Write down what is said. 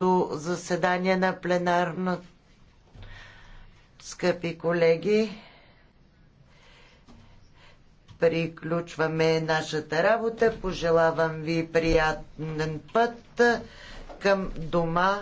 заседание на пленарно. Скъпи колеги, приключваме нашата работа. Пожелавам ви приятен път към дома.